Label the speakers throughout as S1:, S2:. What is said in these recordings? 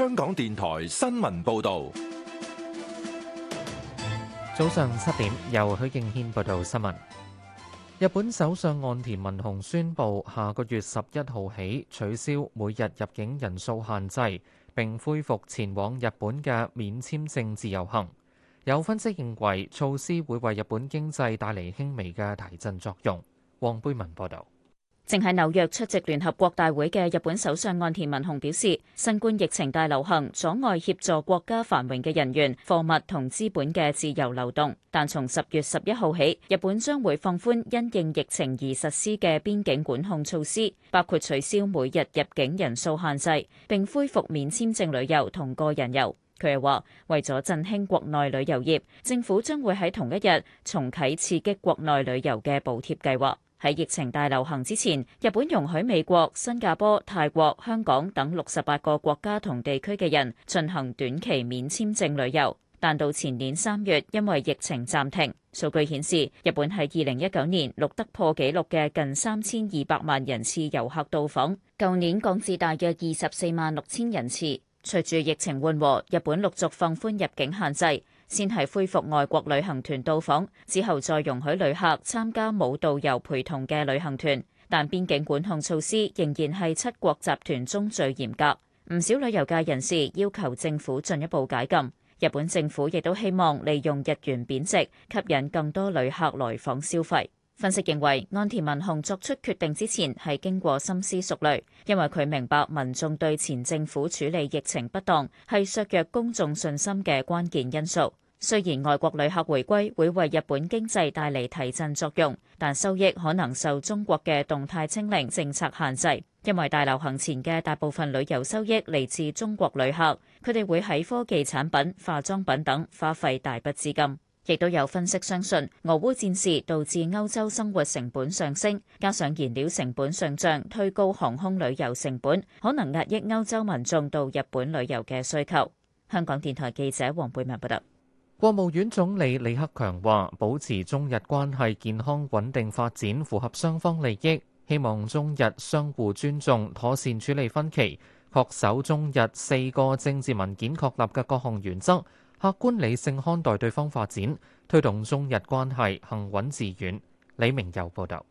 S1: 香港電台新聞報道，早上七點由許敬軒報道新聞。日本首相岸田文雄宣布，下個月十一號起取消每日入境人數限制，並恢復前往日本嘅免簽證自由行。有分析認為，措施會為日本經濟帶嚟輕微嘅提振作用。黃貝文報道。
S2: 正喺紐約出席聯合國大會嘅日本首相岸田文雄表示，新冠疫情大流行阻礙協助國家繁榮嘅人員、貨物同資本嘅自由流動，但從十月十一號起，日本將會放寬因應疫情而實施嘅邊境管控措施，包括取消每日入境人數限制，並恢復免簽證旅遊同個人遊，佢又話，為咗振興國內旅遊業，政府將會喺同一日重啟刺激國內旅遊嘅補貼計劃。喺疫情大流行之前，日本容許美國、新加坡、泰國、香港等六十八個國家同地區嘅人進行短期免簽證旅遊，但到前年三月，因為疫情暫停。數據顯示，日本喺二零一九年錄得破紀錄嘅近三千二百萬人次遊客到訪，舊年降至大約二十四萬六千人次。隨住疫情緩和，日本陸續放寬入境限制。先係恢復外國旅行團到訪，之後再容許旅客參加冇導遊陪同嘅旅行團，但邊境管控措施仍然係七國集團中最嚴格。唔少旅遊界人士要求政府進一步解禁。日本政府亦都希望利用日元貶值吸引更多旅客來訪消費。分析認為岸田文雄作出決定之前係經過深思熟慮，因為，佢明白民眾對前政府處理疫情不當，係削弱公眾信心嘅關鍵因素。雖然外國旅客回歸會為日本經濟帶嚟提振作用，但收益可能受中國嘅動態清零政策限制，因為大流行前嘅大部分旅遊收益嚟自中國旅客，佢哋會喺科技產品、化妝品等花費大筆資金。亦都有分析相信，俄烏戰事導致歐洲生活成本上升，加上燃料成本上漲，推高航空旅遊成本，可能壓抑歐洲民眾到日本旅遊嘅需求。香港電台記者黃貝文報道。
S1: 國務院總理李克強話：保持中日關係健康穩定發展，符合雙方利益。希望中日相互尊重，妥善處理分歧，確守中日四個政治文件確立嘅各項原則。客觀理性看待對方發展，推動中日
S3: 關係行穩致遠。李明又報導，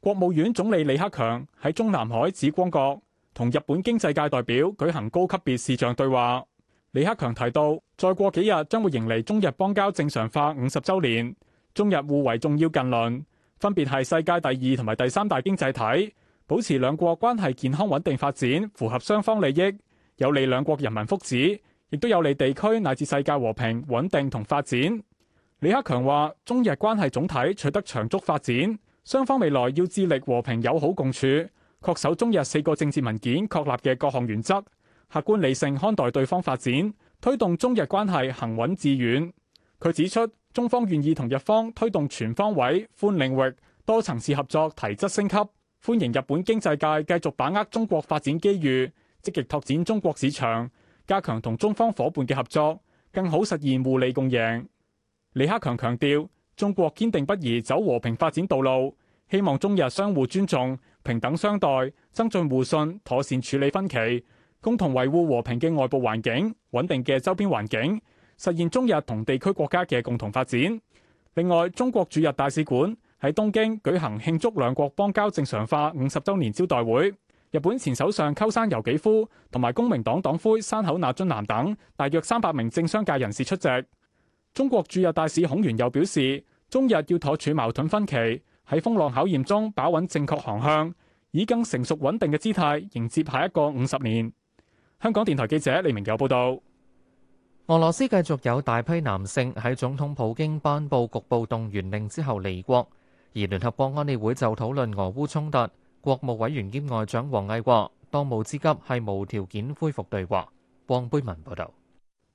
S3: 國務院總理李克強喺中南海紫光閣同日本經濟界代表舉行高級別視像對話。李克強提到，再過幾日將會迎嚟中日邦交正常化五十週年，中日互為重要近鄰，分別係世界第二同埋第三大經濟體，保持兩國關係健康穩定發展，符合雙方利益，有利兩國人民福祉。亦都有利地區乃至世界和平穩定同發展。李克強話：中日關係總體取得長足發展，雙方未來要致力和平友好共處，確守中日四個政治文件確立嘅各項原則，客觀理性看待對方發展，推動中日關係行穩致遠。佢指出，中方願意同日方推動全方位、寬領域、多層次合作提質升級，歡迎日本經濟界繼續把握中國發展機遇，積極拓展中國市場。加強同中方伙伴嘅合作，更好實現互利共贏。李克強強調，中國堅定不移走和平發展道路，希望中日相互尊重、平等相待，增進互信，妥善處理分歧，共同維護和平嘅外部環境、穩定嘅周邊環境，實現中日同地區國家嘅共同發展。另外，中國駐日大使館喺東京舉行慶祝兩國邦交正常化五十週年招待會。日本前首相鳩山由紀夫同埋公明黨黨魁山口那津男等大約三百名政商界人士出席。中國駐日大使孔鉉佑表示，中日要妥處矛盾分歧，喺風浪考驗中把穩正確航向，以更成熟穩定嘅姿態迎接下一個五十年。香港電台記者李明佑報道。
S1: 俄羅斯繼續有大批男性喺總統普京頒布局部動員令之後離國，而聯合國安理會就討論俄烏衝突。國務委員兼外長王毅話：當務之急係無條件恢復對話。王培文報道。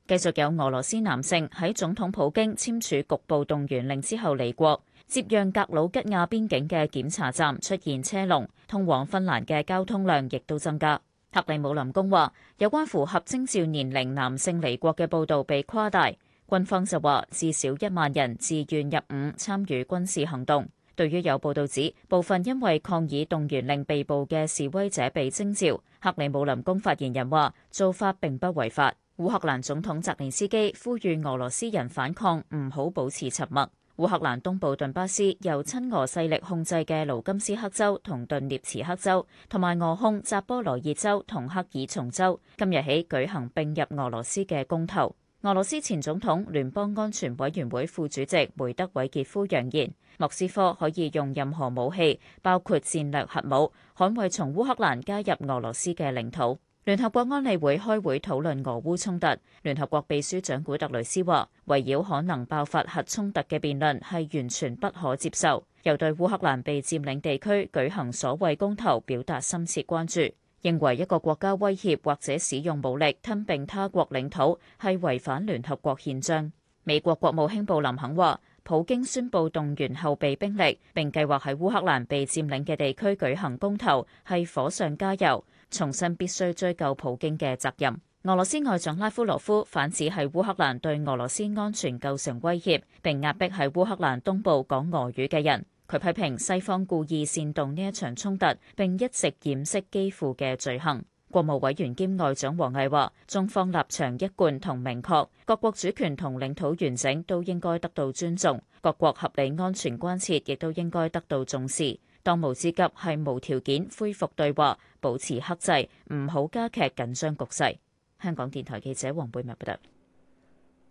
S2: 繼續有俄羅斯男性喺總統普京簽署局部動員令之後離國，接壤格魯吉亞邊境嘅檢查站出現車龍，通往芬蘭嘅交通量亦都增加。克里姆林宮話有關符合徵召年齡男性離國嘅報道被誇大。軍方就話至少一萬人自願入伍參與軍事行動。對於有報道指部分因為抗議動員令被捕嘅示威者被徵召，克里姆林宮發言人話做法並不違法。烏克蘭總統澤連斯基呼籲俄羅斯人反抗，唔好保持沉默。烏克蘭東部頓巴斯由親俄勢力控制嘅盧甘斯克州同頓涅茨克州，同埋俄控扎波羅熱州同克爾松州，今日起舉行並入俄羅斯嘅公投。俄羅斯前總統、聯邦安全委員會副主席梅德韋傑夫揚言，莫斯科可以用任何武器，包括戰略核武，捍衛從烏克蘭加入俄羅斯嘅領土。聯合國安理會開會討論俄烏衝突，聯合國秘書長古特雷斯話，圍繞可能爆發核衝突嘅辯論係完全不可接受，又對烏克蘭被佔領地區舉行所謂公投表達深切關注。認為一個國家威脅或者使用武力吞併他國領土係違反聯合國憲章。美國國務卿布林肯話，普京宣布動員後備兵力，並計劃喺烏克蘭被佔領嘅地區舉行公投，係火上加油。重申必須追究普京嘅責任。俄羅斯外長拉夫羅夫反指係烏克蘭對俄羅斯安全構成威脅，並壓迫喺烏克蘭東部講俄語嘅人。佢批評西方故意煽動呢一場衝突，並一直掩飾基輔嘅罪行。國務委員兼外長王毅話，中方立場一貫同明確，各國主權同領土完整都應該得到尊重，各國合理安全關切亦都應該得到重視。當務之急係無條件恢復對話，保持克制，唔好加劇緊張局勢。香港電台記者黃貝蜜報道。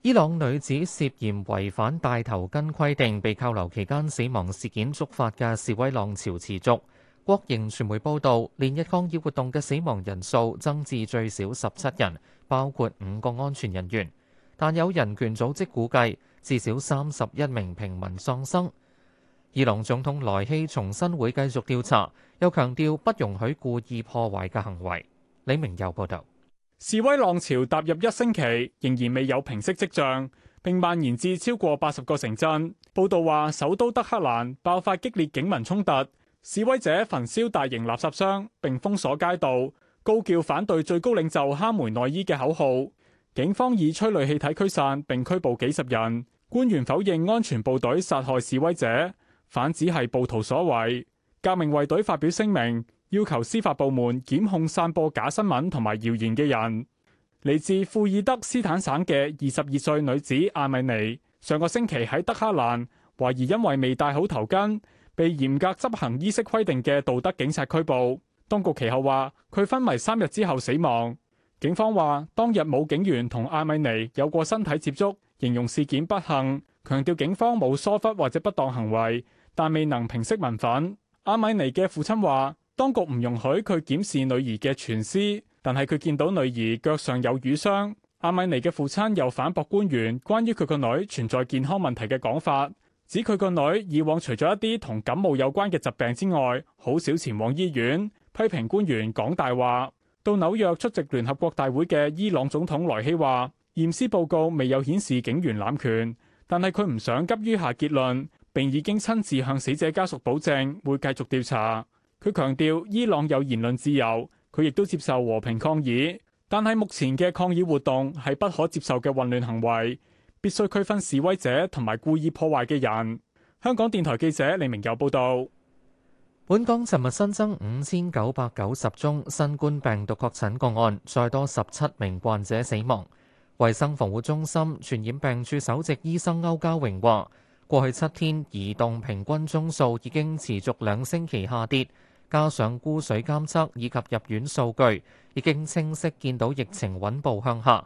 S1: 伊朗女子涉嫌違反戴頭巾規定被扣留期間死亡事件觸發嘅示威浪潮持續。國營傳媒報道，連日抗議活動嘅死亡人數增至最少十七人，包括五個安全人員，但有人權組織估計，至少三十一名平民喪生。伊朗總統萊希重申會繼續調查，又強調不容許
S3: 故意破壞嘅行為，李明佑報道。示威浪潮踏入一星期，仍然未有平息跡象，並蔓延至超過八十個城鎮。報道話首都德黑蘭爆發激烈警民衝突，示威者焚燒大型垃圾箱並封鎖街道，高叫反對最高領袖哈梅內伊嘅口號。警方以催淚氣體驅散並拘捕幾十人。官員否認安全部隊殺害示威者，反指係暴徒所為。革命衛隊發表聲明。要求司法部門檢控散播假新聞同埋謠言嘅人。嚟自庫爾德斯坦省嘅二十二歲女子阿米尼，上個星期喺德克蘭懷疑因為未戴好頭巾，被嚴格執行衣式規定嘅道德警察拘捕。當局其後話佢昏迷三日之後死亡。警方話當日冇警員同阿米尼有過身體接觸，形容事件不幸，強調警方冇疏忽或者不當行為，但未能平息民憤。阿米尼嘅父親話。當局唔容許佢檢視女兒嘅全屍，但係佢見到女兒腳上有瘀傷。阿米尼嘅父親又反駁官員關於佢個女存在健康問題嘅講法，指佢個女以往除咗一啲同感冒有關嘅疾病之外，好少前往醫院，批評官員講大話。到紐約出席聯合國大會嘅伊朗總統萊希話，驗屍報告未有顯示警員濫權，但係佢唔想急於下結論，並已經親自向死者家屬保證會繼續調查。佢強調伊朗有言論自由，佢亦都接受和平抗議，但係目前嘅抗議活動係不可接受嘅混亂行為，必須區分示威者同埋故意破壞嘅人。香港電台記者李明有報導，本港尋日新增五千九
S1: 百九十宗新冠病毒確診個案，再多十七名患者死亡。衞生防護中心傳染病處首席醫生歐家榮話，過去七天移動平均宗數已經持續兩星期下跌。加上污水監測以及入院數據已經清晰見到疫情穩步向下。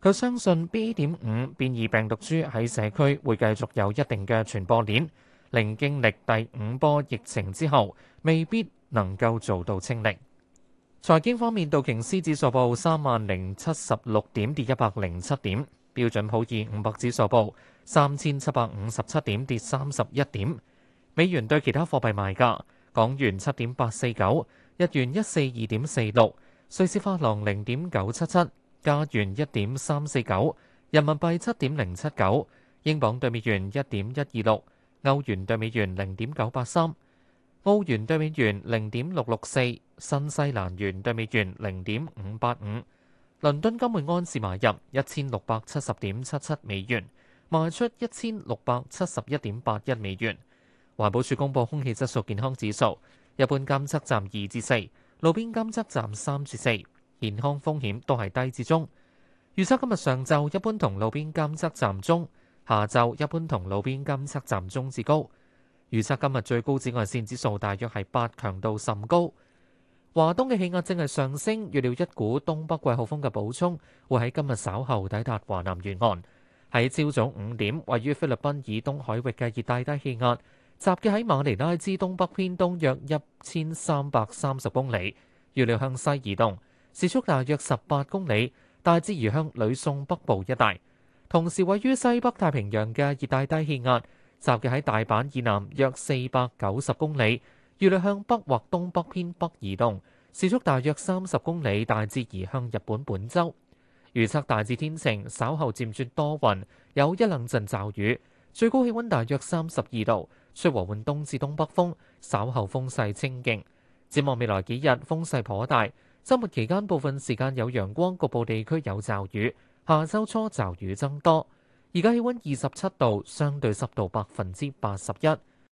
S1: 佢相信 B. 點五變異病毒株喺社區會繼續有一定嘅傳播鏈，零經歷第五波疫情之後未必能夠做到清零。財經方面，道瓊斯指數報三萬零七十六點跌一百零七點，標準普爾五百指數報三千七百五十七點跌三十一點，美元對其他貨幣賣價。港元七點八四九，日元一四二點四六，瑞士法郎零點九七七，加元一點三四九，人民幣七點零七九，英鎊兌美元一點一二六，歐元兌美元零點九八三，澳元兌美元零點六六四，新西蘭元兌美元零點五八五。倫敦金每安士買入一千六百七十點七七美元，賣出一千六百七十一點八一美元。環保署公布空氣質素健康指數，一般監測站二至四，路邊監測站三至四，健康風險都係低至中。預測今日上晝一般同路邊監測站中，下晝一般同路邊監測站中至高。預測今日最高紫外線指數大約係八，強度甚高。華東嘅氣壓正係上升，預料一股東北季候風嘅補充會喺今日稍後抵達華南沿岸。喺朝早五點，位於菲律賓以東海域嘅熱帶低氣壓。集結喺馬尼拉之東北偏東約一千三百三十公里，預料向西移動，時速大約十八公里，大致移向呂宋北部一帶。同時，位於西北太平洋嘅熱帶低氣壓集結喺大阪以南約四百九十公里，預料向北或東北偏北移動，時速大約三十公里，大致移向日本本州。預測大致天晴，稍後漸轉多雲，有一兩陣驟雨。最高氣温大約三十二度，吹和緩東至東北風，稍後風勢清勁。展望未來幾日風勢頗大，週末期間部分時間有陽光，局部地區有驟雨，下周初驟雨增多。而家氣温二十七度，相對濕度百分之八十一。